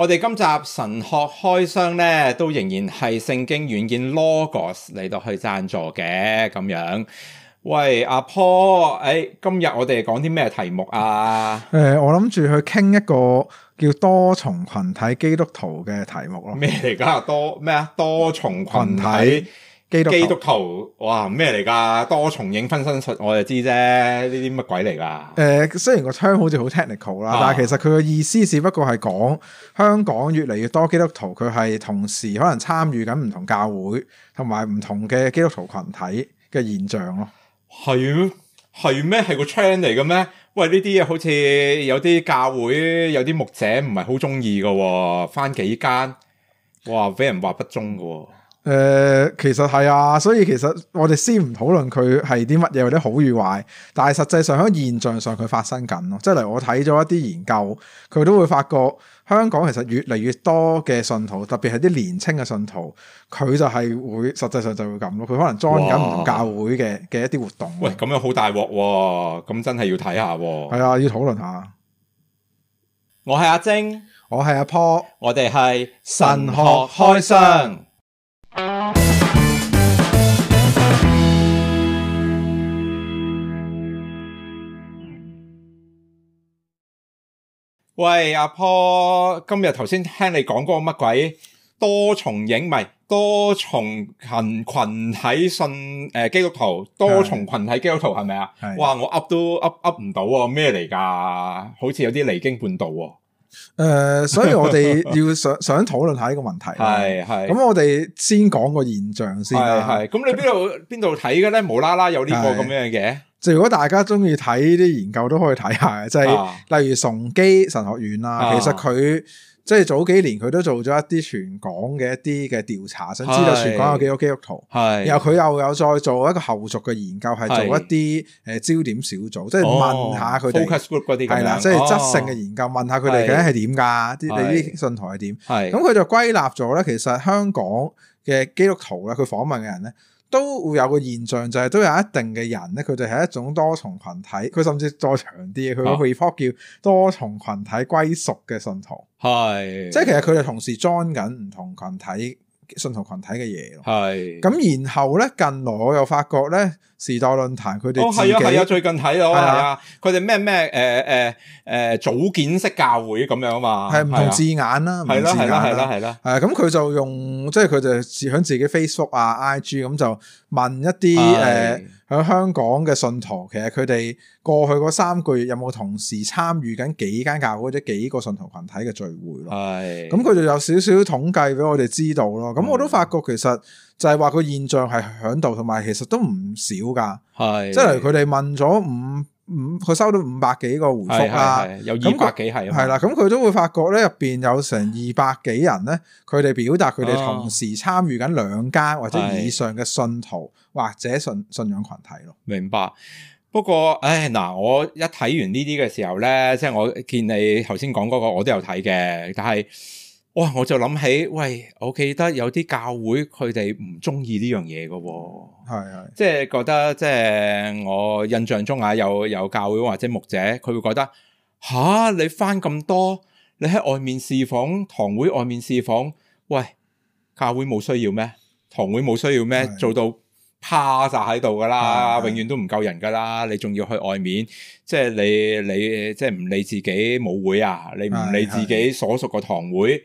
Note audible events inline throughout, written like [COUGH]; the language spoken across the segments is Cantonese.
我哋今集神學開箱咧，都仍然係聖經軟件 Logos 嚟到去贊助嘅咁樣。喂，阿婆，誒、哎，今日我哋講啲咩題目啊？誒、呃，我諗住去傾一個叫多重群體基督徒嘅題目咯。咩嚟㗎？多咩啊？多重群體。群體基督徒，基督徒哇，咩嚟噶？多重影分身術，我就知啫。呢啲乜鬼嚟噶？誒、呃，雖然個窗好似好 technical 啦、啊，但係其實佢嘅意思只不過係講香港越嚟越多基督徒，佢係同時可能參與緊唔同教會同埋唔同嘅基督徒群體嘅現象咯。係係咩？係個窗嚟嘅咩？喂，呢啲嘢好似有啲教會有啲牧者唔係好中意噶，返幾間哇，俾人話不忠噶。誒、呃，其實係啊，所以其實我哋先唔討論佢係啲乜嘢或者好與壞，但係實際上喺現象上佢發生緊咯。即係嚟我睇咗一啲研究，佢都會發覺香港其實越嚟越多嘅信徒，特別係啲年青嘅信徒，佢就係會實際上就會咁咯。佢可能 join 緊唔同教會嘅嘅一啲活動。喂，咁樣好大鑊喎、啊！咁真係要睇下。係啊，要討論下。我係阿晶，我係阿坡，我哋係神學開箱。喂，阿婆，今日頭先聽你講嗰個乜鬼多重影迷，唔係多重群群體信誒、呃、基督徒，多重群體基督徒係咪啊？哇係，我 up 都 up up 唔到啊！咩嚟噶？好似有啲離經叛道喎。誒，所以我哋要想 [LAUGHS] 想，想討論下呢個問題。係係。咁我哋先講個現象先、啊。係係。咁你邊度邊度睇嘅咧？無啦啦有呢個咁樣嘅？就如果大家中意睇呢啲研究都可以睇下嘅，就係、是、例如崇基神學院啊，其實佢即係早幾年佢都做咗一啲全港嘅一啲嘅調查，想知道全港有幾多基督徒，是然後佢又有再做一個後續嘅研究，係做一啲誒焦點小組，即係是問下佢哋係啦，即係是、就是、質性嘅研究，問下佢哋嘅係點噶，啲是是你啲信徒係點，咁佢是是就歸納咗咧，其實香港嘅基督徒咧，佢訪問嘅人咧。都會有個現象，就係、是、都有一定嘅人咧，佢哋係一種多重群體，佢甚至再長啲，佢個 report 叫多重群體歸屬嘅信徒，係、啊、即係其實佢哋同時 join 緊唔同群體。信徒群體嘅嘢係咁，然後咧，近來我又發覺咧，時代論壇佢哋係啊係啊，最近睇到啊，佢哋咩咩誒誒誒組件式教會咁樣啊嘛，係唔同字眼啦，係啦係啦係啦係啦，係啊，咁佢就用，即係佢就自響自己 Facebook 啊 IG 咁就。問一啲誒喺香港嘅信徒，其實佢哋過去嗰三個月有冇同時參與緊幾間教會或者幾個信徒群體嘅聚會咯？咁佢哋有少少統計俾我哋知道咯。咁是的 我都發覺其實就係話個現象係響度，同埋其實都唔少㗎。係，是的 即係佢哋問咗五。五佢收到五百幾個回覆啦，是是是有二百幾係，係啦、嗯，咁、嗯、佢都會發覺咧入邊有成二百幾人咧，佢哋表達佢哋同時參與緊兩間或者以上嘅信徒或者信是是信仰群體咯。明白。不過，唉嗱，我一睇完呢啲嘅時候咧，即係我見你頭先講嗰個，我都有睇嘅，但係。哇！我就諗起，喂，我記得有啲教會佢哋唔中意呢樣嘢嘅，係係，即係覺得，即係我印象中啊，有有教會或者牧者，佢會覺得吓你返咁多，你喺外面侍奉堂會，外面侍奉，喂，教會冇需要咩？堂會冇需要咩？是是做到趴晒喺度噶啦，是是永遠都唔夠人噶啦，你仲要去外面？即係你你，你即係唔理自己母會啊？你唔理自己所屬嘅堂會？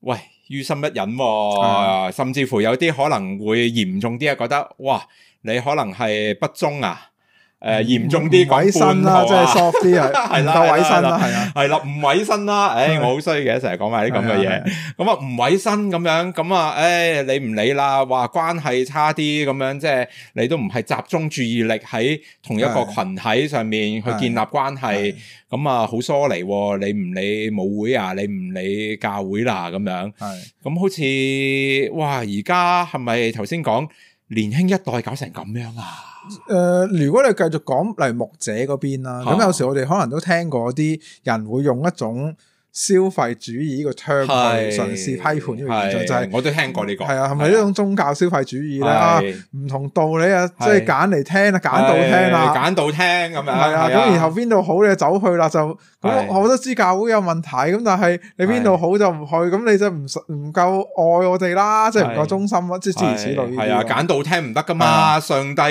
喂，於心不忍啊，嗯，甚至乎有啲可能會嚴重啲啊，覺得哇，你可能係不忠啊。誒，嚴重啲，委身啦，即係 soft 啲啊，係啦，唔委身啦，係啊，係啦，唔委身啦，誒，我好衰嘅，成日講埋啲咁嘅嘢，咁啊，唔委身咁樣，咁啊，誒，你唔理啦，話關係差啲，咁樣即係你都唔係集中注意力喺同一個群體上面去建立關係，咁啊，好疏離，你唔理母會啊，你唔理教會啦，咁樣，係，咁好似，哇，而家係咪頭先講年輕一代搞成咁樣啊？誒、呃，如果你繼續講例如牧者嗰邊啦，咁、哦、有時我哋可能都聽過啲人會用一種消費主義呢個 term 嘗試批判呢樣嘢就係，我都聽過呢個，係啊，係咪呢種宗教消費主義咧，唔同道理啊，即係揀嚟聽啊，揀到聽啊，揀到聽咁樣，係啊。咁然後邊度好咧，你走去啦就，咁我覺得基督教會有問題，咁但係你邊度好就唔去，咁你就唔唔夠愛我哋啦，即係唔夠忠心啊，諸如此類。係啊，揀到聽唔得噶嘛，上帝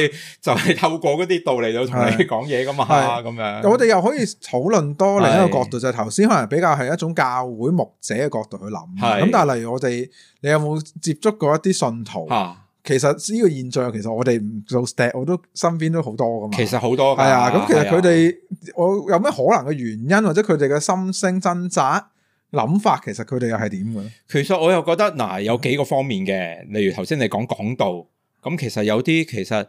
就係透過嗰啲道理就同你講嘢噶嘛，咁樣。我哋又可以討論多另一個角度，就係頭先可能比較係一種教會牧者嘅角度去諗，咁是但係例如我哋，你有冇接觸過一啲信徒啊？其實呢個現象，其實我哋唔做 stat，我都身邊都好多噶嘛。其實好多，係啊。咁、啊、其實佢哋，啊、我有咩可能嘅原因，或者佢哋嘅心聲掙扎、諗法，其實佢哋又係點嘅咧？其實我又覺得嗱，有幾個方面嘅，例如頭先你講講道，咁其實有啲其實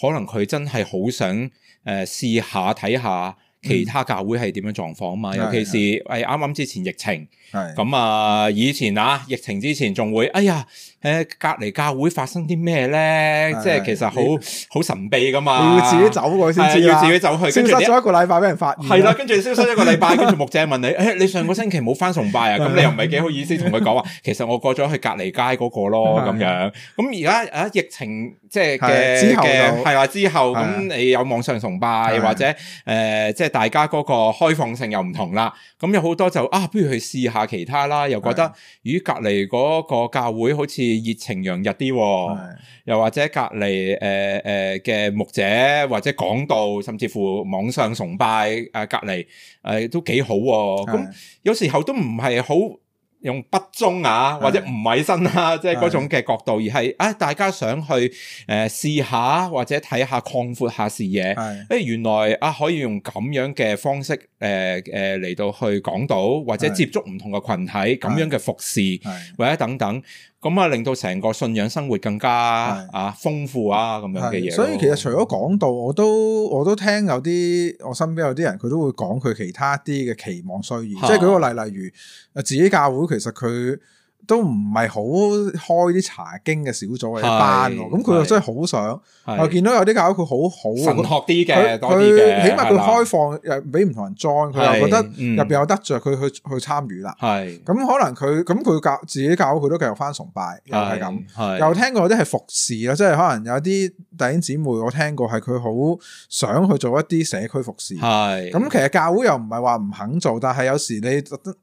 可能佢真係好想誒試下睇下。看看.其他教會係點樣狀況啊嘛，尤其是誒啱啱之前疫情。係咁啊！以前啊，疫情之前仲會，哎呀，誒，隔籬教會發生啲咩咧？即係其實好好神秘噶嘛，要自己走過去先知，要自己走去。消失咗一個禮拜俾人發現，係啦，跟住消失一個禮拜，跟住牧者問你，誒，你上個星期冇返崇拜啊？咁你又唔係幾好意思同佢講話，其實我過咗去隔籬街嗰個咯，咁樣。咁而家啊，疫情即係嘅係啦，之後，咁你有網上崇拜或者誒，即係大家嗰個開放性又唔同啦。咁有好多就啊，不如去試下。其他啦，又覺得與是的 隔籬嗰個教會好似熱情洋溢啲，啊，是的 又或者隔籬誒誒嘅牧者或者講道，甚至乎網上崇拜誒，啊、隔籬誒、呃、都幾好、啊。咁是的 有時候都唔係好。用不忠啊，或者唔委身啊，即係嗰種嘅角度，而係啊，大家想去誒試下或者睇下，擴闊下視野。誒，是的 原來啊，可以用咁樣嘅方式，誒誒嚟到去講到或者接觸唔同嘅群體，咁是的 樣嘅服侍，是的 或者等等。咁啊，令到成個信仰生活更加是啊豐富啊，咁樣嘅嘢。所以其實除咗講到，我都我都聽有啲我身邊有啲人，佢都會講佢其他啲嘅期望需要。即係舉個例，例如啊，自己教會其實佢。都唔係好開啲查經嘅小組嘅班，咁佢又真係好想又見到有啲教會好好神學啲嘅，佢起碼佢開放又俾唔同人 join，佢又覺得入邊有得着，佢去去參與啦。係咁可能佢咁佢教自己教會都繼續返崇拜，又係咁，又聽過有啲係服侍，啦，即係可能有啲弟兄姊妹我聽過係佢好想去做一啲社區服侍。係咁其實教會又唔係話唔肯做，但係有時你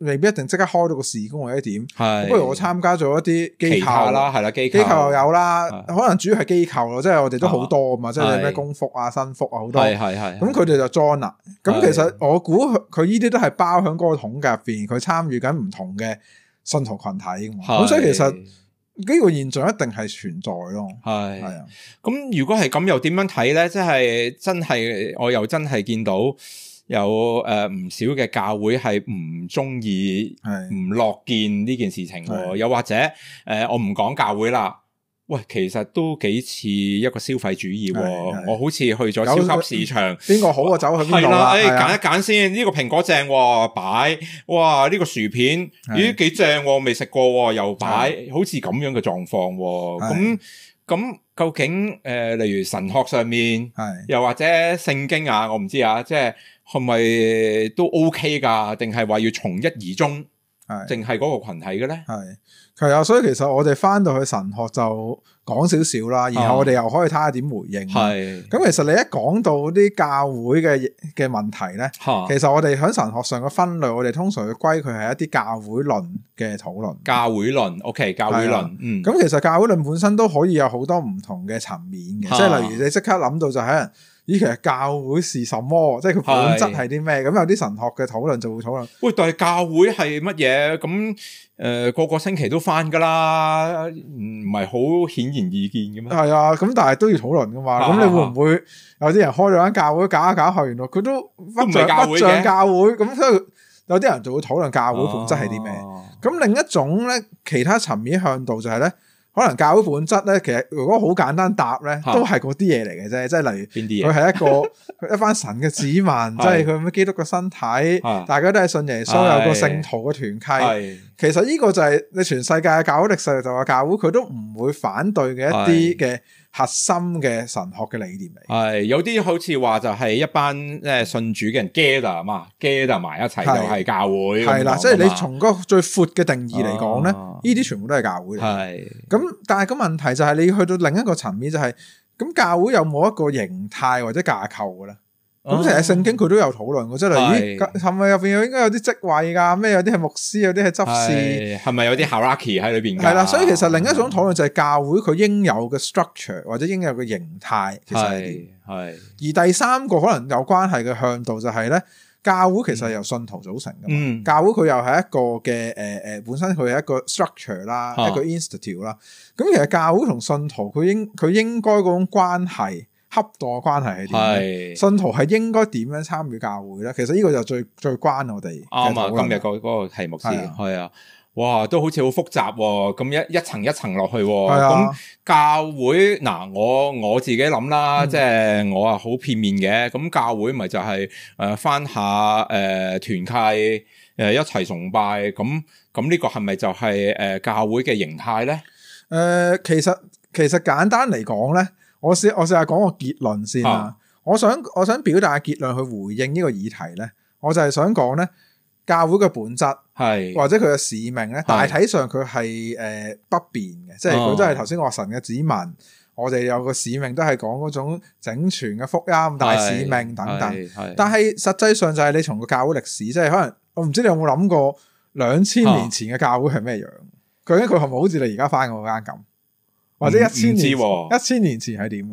未必一定即刻開到個事工或者點，係。我參加咗一啲機構啦，係啦，機構又有啦，可能主要係機構咯，即係我哋都好多嘛，即係咩功福啊、新福啊，好多係係係。咁佢哋就 join 啦。咁其實我估佢呢啲都係包喺嗰個桶入邊，佢參與緊唔同嘅信徒群體。咁所以其實呢個現象一定係存在咯。係係啊。咁如果係咁，又點樣睇咧？即係真係，我又真係見到。有誒，唔少嘅教會係唔中意，唔樂見呢件事情的。又或者誒、呃，我唔講教會啦。喂，其實都幾似一個消費主義。的我好似去咗超級市場，邊個好啊？我走去邊度啦？誒，揀、哎、一揀先。呢、這個蘋果正喎，擺哇！呢、這個薯片咦幾正？我未食過，又擺，的好似咁樣嘅狀況。咁咁的。的究竟誒、呃、例如神學上面，係是又或者聖經啊，我唔知啊，即係係咪都 OK 噶？定係話要從一而終？係，淨係嗰個群體嘅咧，係，係啊，所以其實我哋翻到去神學就講少少啦，然後我哋又可以睇下點回應。係、啊，咁其實你一講到啲教會嘅嘅問題咧，啊、其實我哋喺神學上嘅分類，我哋通常要歸佢係一啲教會論嘅討論。教會論，OK，教會論，的嗯，咁其實教會論本身都可以有好多唔同嘅層面嘅，啊、即係例如你即刻諗到就喺、是。依其實教會是什麼，即係佢本質係啲咩？咁是、嗯、有啲神學嘅討論就會討論。喂，但係教會係乜嘢？咁、嗯、誒，個個星期都返噶啦，唔係好顯而易見嘅咩？係啊，咁但係都要討論噶嘛？咁、啊、你會唔會有啲人開咗間教會，搞一搞去，咁佢都，都不唔不，不像教會。咁、嗯嗯嗯嗯、所以有啲人就會討論教會本質係啲咩？咁、啊、另一種咧，其他層面向度就係咧。可能教會本質咧，其實如果好簡單答咧，都係嗰啲嘢嚟嘅啫，即係例如邊啲嘢，佢係一個哪些 [LAUGHS] 一班神嘅子民，即係佢基督嘅身體， [LAUGHS] 大家都係信耶穌， [LAUGHS] 有個聖徒嘅團契。 [LAUGHS] 其實呢個就係你全世界嘅教會歷史就話教會，佢都唔會反對嘅一啲嘅。核心嘅神學嘅理念嚟，係有啲好似話就係一班誒信主嘅人 gather 嘛 gather 埋一齊就係教會，係啦了，嗎即係你從個最闊嘅定義嚟講咧，呢啲、啊、全部都係教會嚟，係咁是，但係個問題就係你去到另一個層面就係、是，咁教會有冇一個形態或者架構嘅咧？咁其實聖經佢都有討論過，即係咦係咪入邊有應該有啲職位㗎？咩有啲係牧師，有啲係執事，係咪有啲 Hierarchy 喺裏邊㗎？係啦，所以其實另一種討論就係教會佢應有嘅 structure 或者應有嘅形態，係係。而第三個可能有關係嘅向度就係、是、咧，教會其實係由信徒組成㗎嘛。嗯嗯、教會佢又係一個嘅誒誒，本身佢係一個 structure 啦、哦，一個 institute 啦。咁其實教會同信徒佢應佢應該嗰種關係。合作關係係點？信是徒係應該點樣參與教會咧？其實呢個就最最關我哋。啱啊！今日、那個嗰、那個題目先係啊,啊！哇，都好似好複雜、哦，咁一一層一層落去、哦。咁、啊、教會嗱，我我自己諗啦，嗯、即係我啊好片面嘅。咁教會咪就係誒返下誒團、呃、契誒、呃、一齊崇拜。咁咁呢個係咪就係、是、誒、呃、教會嘅形態咧？誒、呃，其實其實,其實簡單嚟講咧。我試，我試下講個結論先啦。啊、我想，我想表達個結論去回應呢個議題咧。我就係想講咧，教會嘅本質係或者佢嘅使命咧，是大體上佢係誒不變嘅，即係佢都係頭先話神嘅子民。啊、我哋有個使命都係講嗰種整全嘅福音大使命等等。但係實際上就係你從個教會歷史，即係可能我唔知你有冇諗過兩千年前嘅教會係咩樣？佢咧、啊，究竟佢係咪好似你而家返嗰間咁？或者一千年前、啊、一千年前係點？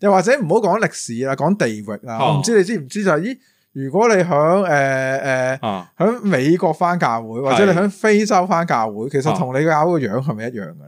又或者唔好講歷史啦，講地域啦。啊、我唔知你知唔知就係、是、咦？如果你響誒誒響美國返教會，或者你響非洲返教會，啊、其實同你搞個樣係咪一樣嘅？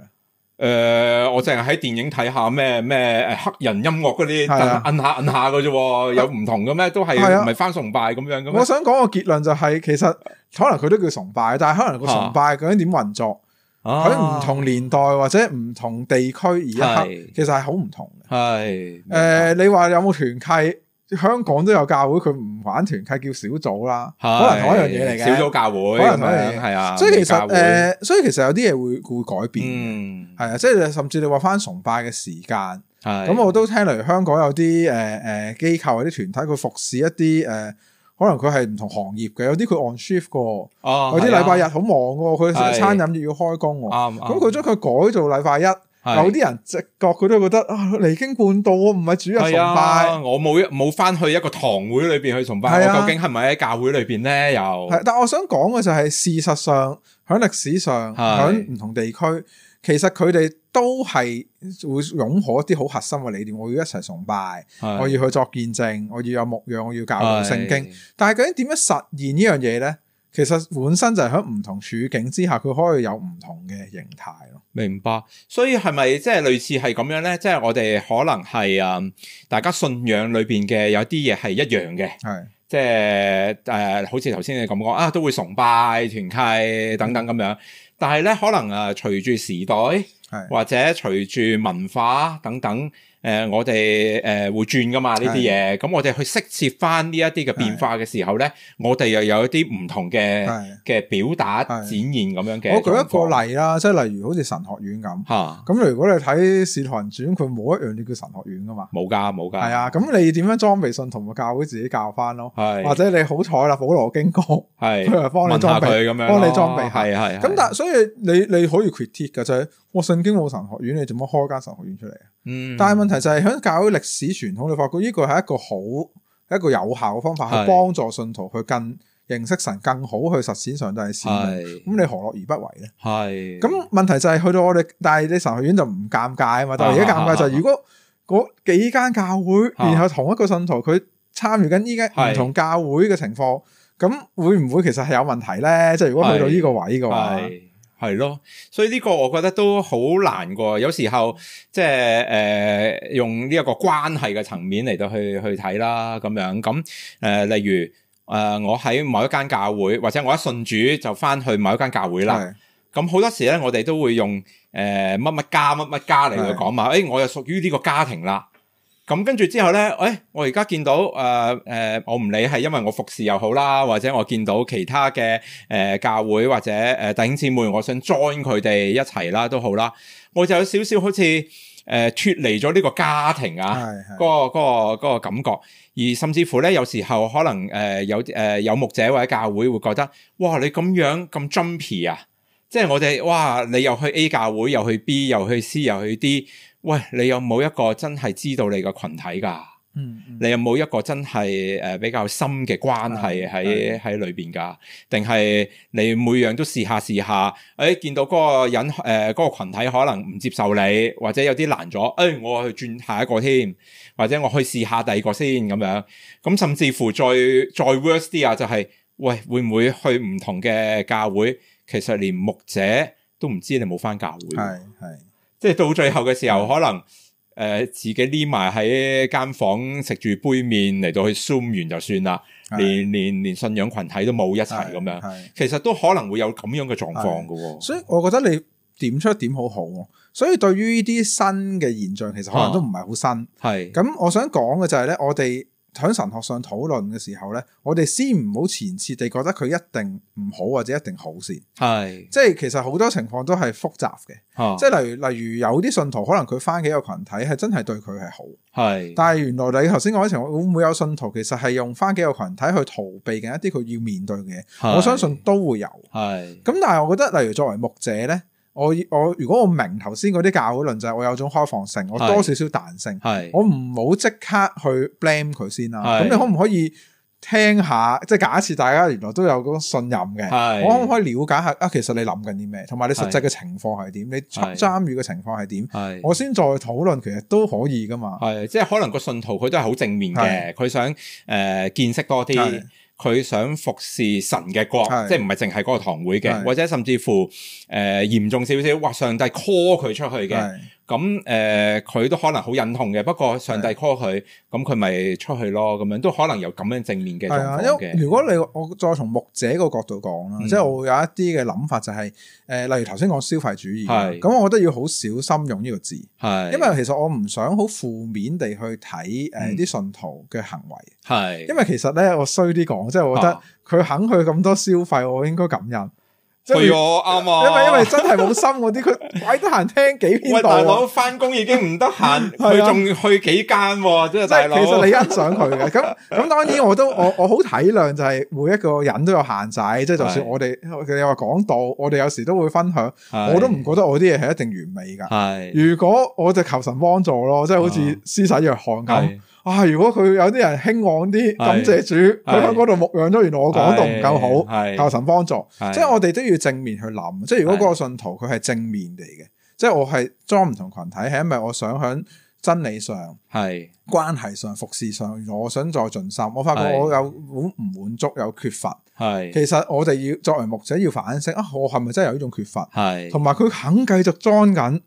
誒、呃，我淨係喺電影睇下咩咩誒黑人音樂嗰啲，摁是、啊、下摁下嘅啫，有唔同嘅咩？都係唔係返崇拜咁樣嘅是、啊、我想講個結論就係、是，其實可能佢都叫崇拜，但係可能個崇拜究竟點運作？喺唔同年代或者唔同地區而一刻，其實係好唔同嘅。係，誒，你話有冇團契？香港都有教會，佢唔玩團契，叫小組啦，可能同一樣嘢嚟嘅。小組教會，可能同一樣嘢係啊。所以其實誒，所以其實有啲嘢會會改變。嗯，係啊，即係甚至你話返崇拜嘅時間。係，咁我都聽嚟香港有啲誒誒機構或者團體，佢服侍一啲誒。可能佢係唔同行業嘅，有啲佢 on shift 嘅，啊、有啲禮拜日好忙嘅，佢食、啊、餐飲要開工，咁佢將佢改做禮拜一。啊、有啲人直覺佢都覺得啊，離經叛道唔係主日崇拜，啊、我冇冇翻去一個堂會裏邊去崇拜，啊、究竟係咪喺教會裏邊咧？又係、啊，但我想講嘅就係事實上喺歷史上喺唔、啊、同地區，其實佢哋。都係會融合一啲好核心嘅理念，我要一齊崇拜，是的 我要去作見證，我要有牧養，我要教導聖經。是的 但係究竟點樣實現呢樣嘢咧？其實本身就喺唔同處境之下，佢可以有唔同嘅形態咯。明白，所以係咪即係類似係咁樣咧？即係我哋可能係啊，大家信仰裏邊嘅有啲嘢係一樣嘅，係是的 即係誒、呃，好似頭先你咁講啊，都會崇拜團契等等咁樣。但係咧，可能啊，隨住時代。或者隨住文化等等，誒，我哋誒會轉噶嘛呢啲嘢，咁我哋去適切翻呢一啲嘅變化嘅時候咧，我哋又有一啲唔同嘅嘅表達展現咁樣嘅。我舉一個例啦，即係例如好似神學院咁吓，咁如果你睇《使徒行傳》，佢冇一樣叫神學院噶嘛，冇噶冇噶，係啊，咁你點樣裝備信徒同教會自己教翻咯？係或者你好彩啦，保羅經過，係佢係幫你裝備咁樣，幫你裝備係係。咁但係所以你你可以 critique 嘅啫。我信、哦、經冇神學院，你做乜開間神學院出嚟啊？嗯，但係問題就係、是、喺教會歷史傳統，你發覺呢個係一個好、一個有效嘅方法，去是幫助信徒去更認識神，更好去實踐上帝嘅事。咁是你何樂而不為咧？係是。咁問題就係、是、去到我哋，但係你神學院就唔尷尬啊嘛。但係而家尷尬就係、是啊、如果嗰幾間教會，然後同一個信徒佢參與緊依家唔同教會嘅情況，咁是會唔會其實係有問題咧？即係如果去到呢個位嘅話。是是係咯，所以呢個我覺得都好難噶，有時候即係誒、呃、用呢一個關係嘅層面嚟到去去睇啦，咁樣咁誒、呃，例如誒、呃、我喺某一間教會，或者我一信主就返去某一間教會啦。咁好是的 多時咧，我哋都會用誒乜乜家乜乜家嚟去講嘛。誒是的、哎，我又屬於呢個家庭啦。咁跟住之後咧，誒、哎，我而家見到誒誒、呃呃，我唔理係因為我服侍又好啦，或者我見到其他嘅誒、呃、教會或者誒、呃、弟兄姊妹，我想 join 佢哋一齊啦都好啦，我就有少少好似誒、呃、脱離咗呢個家庭啊，嗰是是、那個嗰感覺，而甚至乎咧，有時候可能誒、呃、有誒、呃、有牧者或者教會會覺得，哇，你咁樣咁 jumpy 啊，即係我哋哇，你又去 A 教會，又去 B，又去 C，又去 D。喂，你有冇一個真係知道你個群體噶？嗯，你有冇一個真係誒、呃、比較深嘅關係喺喺、嗯、裏邊噶？定係你每樣都試下試下？誒、哎，見到嗰個人誒、呃嗰個群體可能唔接受你，或者有啲難咗？誒、哎，我去轉下一個添，或者我去試下第二個先咁樣。咁、嗯、甚至乎再再 worse 啲啊、就是，就係喂，會唔會去唔同嘅教會？其實連牧者都唔知你冇返教會。係係。即係到最後嘅時候，的可能誒、呃、自己匿埋喺間房食住杯麪嚟到去 Zoom 完就算啦的，連連連信仰群體都冇一齊咁樣，的其實都可能會有咁樣嘅狀況嘅喎。所以我覺得你點出點好好、啊，所以對於呢啲新嘅現象，其實可能都唔係好新。係咁的，我想講嘅就係咧，我哋。喺神學上討論嘅時候咧，我哋先唔好前設地覺得佢一定唔好或者一定好先。係是，即係其實好多情況都係複雜嘅。啊，即係例如例如有啲信徒可能佢返幾個群體係真係對佢係好，係是。但係原來你頭先講嘅情況，會唔會有信徒其實係用返幾個群體去逃避嘅？一啲佢要面對嘅，是我相信都會有。係是。咁但係我覺得，例如作為牧者咧。我我如果我明頭先嗰啲教會論就係、是、我有種開放性，我多少少彈性，是我唔好即刻去 blame 佢先啦。咁是你可唔可以聽下，即係假設大家原來都有嗰種信任嘅，是我可唔可以了解下啊？其實你諗緊啲咩？同埋你實際嘅情況係點？是你參與嘅情況係點？是我先再討論，其實都可以噶嘛。係即係可能個信徒佢都係好正面嘅，佢是想誒、呃、見識多啲。佢想服侍神嘅國，是即係唔係淨係個堂會嘅，是或者甚至乎誒、呃、嚴重少少，哇！上帝 call 佢出去嘅。咁誒，佢、呃、都可能好忍痛嘅。不過上帝 call 佢，咁佢咪出去咯。咁樣都可能有咁樣正面嘅狀況嘅。因為如果你我再從牧者個角度講啦，嗯、即係我會有一啲嘅諗法就係、是、誒、呃，例如頭先講消費主義，咁是的 我覺得要好小心用呢個字。係，是的 因為其實我唔想好負面地去睇誒啲信徒嘅行為。係，是的 因為其實咧我衰啲講，即係我覺得佢肯去咁多消費，我應該感恩。即係我啱啊，因為因為真係冇心嗰啲，佢鬼得閒聽幾篇道，啊。喂，大佬翻工已經唔得閒，佢仲 [LAUGHS] 是、啊、去幾間、啊，即係大佬即係其實你欣賞佢嘅，咁咁 [LAUGHS] 當然我都我我好體諒，就係每一個人都有限制，即係 [LAUGHS] 就，就算我哋， [LAUGHS] 你話講到，我哋有時都會分享，是我都唔覺得我啲嘢係一定完美噶。係是如果我就求神幫助咯，即係好似施晒藥看咁。嗯啊！如果佢有啲人興旺啲，感謝主，佢喺嗰度牧養咗，原來我講到唔夠好，靠神幫助。是即係我哋都要正面去諗。是即係如果嗰個信徒佢係正面嚟嘅，是即係我係裝唔同群體，係因為我想喺真理上，係是關係上，服侍上，我想再盡心。我發覺我有好唔滿足，有缺乏。係是其實我哋要作為牧者要反省：啊，我係咪真係有呢種缺乏？係同埋佢肯繼續裝緊。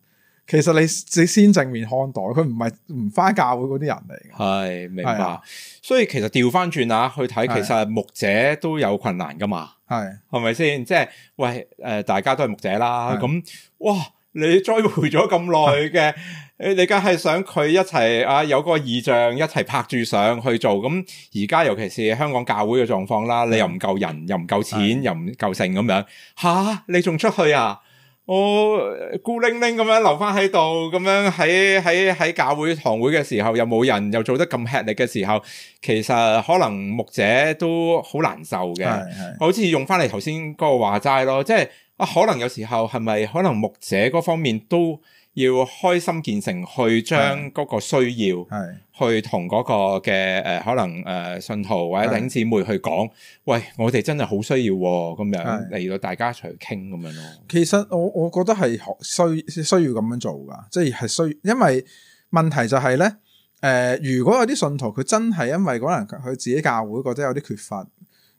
其實你你先正面看待佢唔係唔翻教會嗰啲人嚟嘅，係明白。是的 所以其實調翻轉啊，去睇其實牧者都有困難噶嘛，係係咪先？即係喂，誒、呃，大家都係牧者啦，咁是的 哇，你栽培咗咁耐嘅，是的 你梗係想佢一齊啊有個異象，一齊拍住上去做。咁而家尤其是香港教會嘅狀況啦，是的 你又唔夠人，又唔夠錢，又唔夠剩咁樣，吓、啊、你仲出去啊？我、哦、孤零零咁樣留翻喺度，咁樣喺喺喺教會堂會嘅時候，又冇人，又做得咁吃力嘅時候，其實可能牧者都好難受嘅。係係好似用翻嚟頭先嗰個話齋咯，即係啊，可能有時候係咪可能牧者嗰方面都。要開心見誠去將嗰個需要，的去同嗰個嘅誒、呃、可能誒、呃、信徒或者弟兄姊妹去講，的喂，我哋真係好需要咁、哦、樣嚟的到大家一齊去傾咁樣咯。其實我我覺得係需需要咁樣做噶，即係係需，因為問題就係、是、咧，誒、呃，如果有啲信徒佢真係因為可能佢自己教會覺得有啲缺乏，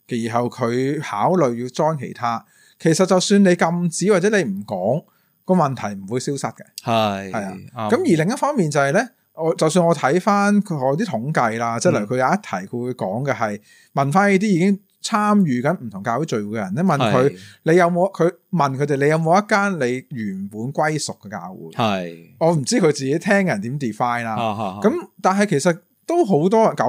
然後佢考慮要 join 其他，其實就算你禁止或者你唔講。個問題唔會消失嘅，係係啊。咁的、嗯、而另一方面就係、是、咧，我就算我睇翻佢啲統計啦，即係例如佢有一題佢會講嘅係，嗯、問翻呢啲已經參與緊唔同教會聚會嘅人，你問佢是你有冇佢問佢哋你有冇一間你原本歸屬嘅教會？係是我唔知佢自己聽人點 define 啦。咁但係其實。都好多啊，九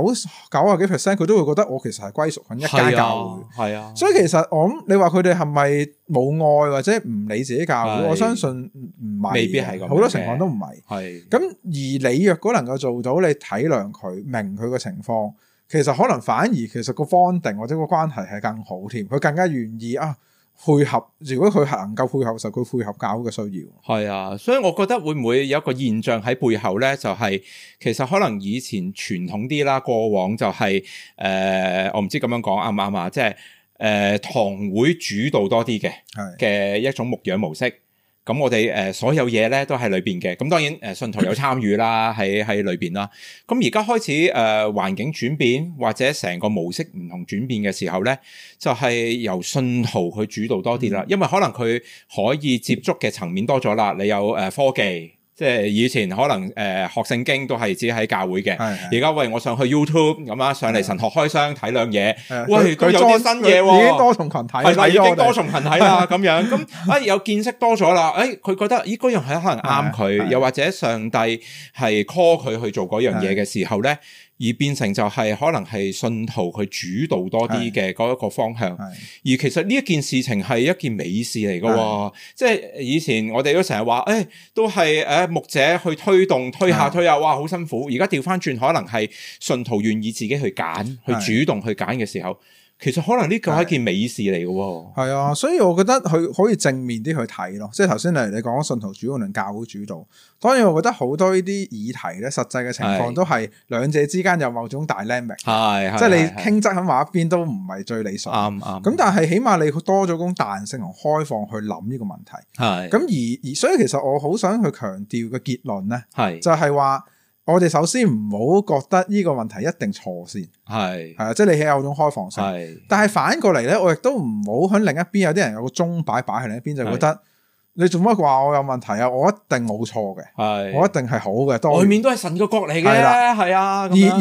九啊幾 percent，佢都會覺得我其實係歸屬緊一家教會。係啊，啊所以其實我諗，你話佢哋係咪冇愛或者唔理自己教會？是我相信唔係，未必係咁，好多情況都唔係。係咁的，而你若果能夠做到你體諒佢，明佢個情況，其實可能反而其實個 bonding 或者個關係係更好添，佢更加願意啊。配合，如果佢係能夠配合，就佢配合教嘅需要。係啊，所以我覺得會唔會有一個現象喺背後咧？就係，其實可能以前傳統啲啦，過往就係，誒，呃，我唔知咁樣講啱唔啱啊，即係誒堂會主導多啲嘅，係嘅一種牧養模式。咁我哋誒、呃、所有嘢咧都喺裏邊嘅，咁當然誒、呃、信徒有參與啦，喺喺裏邊啦。咁而家開始誒環、呃、境轉變或者成個模式唔同轉變嘅時候咧，就係、是、由信號去主導多啲啦，因為可能佢可以接觸嘅層面多咗啦，你有誒、呃、科技。即係以前可能誒、呃、學聖經都係只喺教會嘅，而家是的 喂我想去 YouTube 咁啊上嚟神學開箱睇的兩嘢，喂佢它有啲新嘢喎，已經多重群體，係啦已經多重群體啦咁樣，咁哎有見識多咗啦，哎、欸、佢覺得咦嗰樣係可能啱佢，是的 又或者上帝係 call 佢去做嗰樣嘢嘅時候咧。而變成就係可能係信徒去主導多啲嘅嗰一個方向，是的 而其實呢一件事情係一件美事嚟㗎喎，是的 即係以前我哋都成日話，誒、哎、都係誒牧者去推動推下推下，是的 哇好辛苦，而家調翻轉可能係信徒願意自己去揀，去主動去揀嘅時候。是的 其實可能呢個係一件美事嚟嘅喎。係啊，所以我覺得佢可以正面啲去睇咯，即係頭先你你講信徒主導同教會主導，當然我覺得好多呢啲議題咧，實際嘅情況都係兩者之間有某種 dynamic。係，即係你傾側喺邊一邊都唔係最理想，啱啱，咁但係起碼你多咗種彈性同開放去諗呢個問題，係的，咁而而所以其實我好想去強調嘅結論咧，係的，就係話。我哋首先唔好覺得呢個問題一定錯先，係係啊，即係你有種開放性。是但係反過嚟咧，我亦都唔好喺另一邊有啲人有個鐘擺擺喺另一邊，就覺得是你做乜話我有問題啊？我一定冇錯嘅，是我一定係好嘅。外面都係神嘅國嚟嘅，係啊的。而而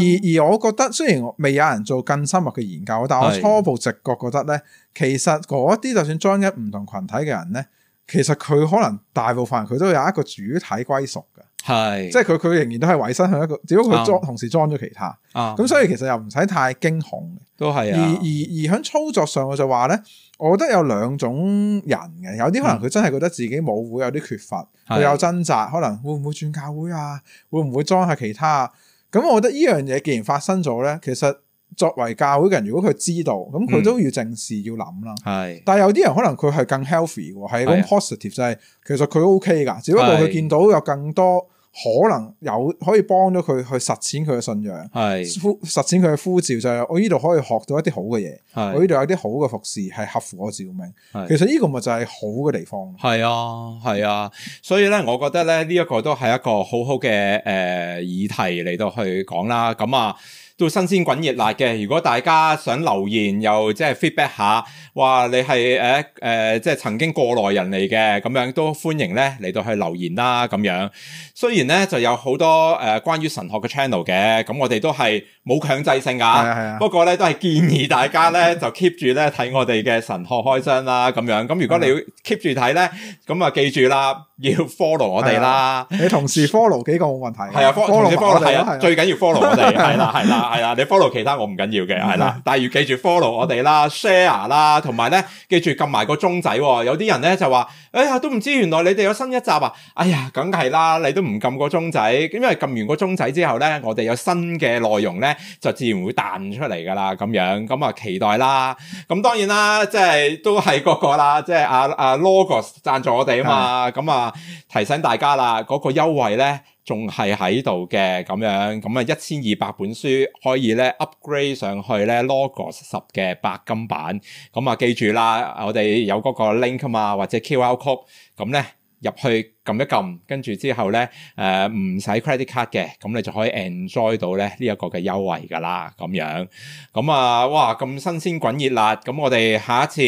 而，我覺得雖然未有人做更深入嘅研究，但係我初步直覺覺得咧的，其實嗰啲就算 join 一唔同群體嘅人咧，其實佢可能大部分人佢都有一個主體歸屬嘅。係，是即係佢佢仍然都係委身向一個，只不過佢裝同時裝咗其他，啊、嗯，咁、嗯、所以其實又唔使太驚恐，都係、啊，而而而喺操作上我就話咧，我覺得有兩種人嘅，有啲可能佢真係覺得自己冇會有啲缺乏，佢是有掙扎，可能會唔會轉教會啊？會唔會裝下其他啊？咁我覺得呢樣嘢既然發生咗咧，其實作為教會嘅人，如果佢知道，咁佢都要正視、嗯、要諗啦。係是，但係有啲人可能佢係更 healthy 喎，係咁 positive 就係其實佢 OK 噶，只不過佢見到有更多。可能有可以幫到佢去實踐佢嘅信仰，係是實踐佢嘅呼召就係、是、我呢度可以學到一啲好嘅嘢，是我呢度有啲好嘅服侍係合乎我照明。是其實呢個咪就係好嘅地方。係啊，係啊，所以咧，我覺得咧呢、這個、一個都係一個好好嘅誒議題嚟到去講啦。咁啊。都新鮮滾熱辣嘅，如果大家想留言又即係 feedback 下，哇！你係誒誒即係曾經過來人嚟嘅咁樣，都歡迎咧嚟到去留言啦咁樣。雖然咧就有好多誒、呃、關於神學嘅 channel 嘅，咁我哋都係冇強制性㗎，啊啊、不過咧都係建議大家咧 [LAUGHS] 就 keep 住咧睇我哋嘅神學開箱啦咁樣。咁如果你要 keep 住睇咧，咁啊記住啦。要 follow 我哋啦，你同時 follow 幾個冇問題。係啊，follow，follow，係啊，最緊要 follow 我哋，係啦，係啦，係啦。你 follow 其他我唔緊要嘅，係啦。但係要記住 follow 我哋啦，share 啦，同埋咧記住撳埋個鐘仔。有啲人咧就話，哎呀，都唔知原來你哋有新一集啊！哎呀，梗係啦，你都唔撳個鐘仔，因為撳完個鐘仔之後咧，我哋有新嘅內容咧，就自然會彈出嚟噶啦。咁樣咁啊，期待啦。咁當然啦，即係都係個個啦，即係阿啊 Logos 贊助我哋啊嘛，咁啊～提醒大家啦，嗰、那個優惠咧仲係喺度嘅，咁樣咁啊，一千二百本書可以咧 upgrade 上去咧 Logos 十嘅白金版，咁啊記住啦，我哋有嗰個 link 啊嘛，或者 QR code，咁咧入去撳一撳，跟住之後咧誒唔、呃、使 credit card 嘅，咁你就可以 enjoy 到咧呢一、這個嘅優惠噶啦，咁樣，咁啊哇咁新鮮滾熱辣，咁我哋下一次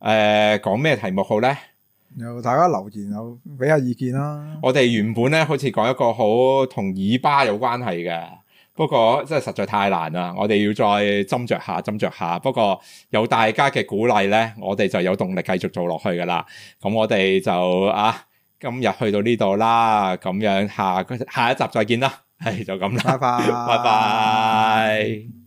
誒講咩題目好咧？有大家留言，又俾下意見啦。我哋原本咧，好似講一個好同耳巴有關係嘅，不過真係實在太難啦。我哋要再斟酌下，斟酌下。不過有大家嘅鼓勵咧，我哋就有動力繼續做落去噶啦。咁我哋就啊，今日去到呢度啦，咁樣下下一集再見啦。係就咁啦，拜拜， [LAUGHS] 拜拜。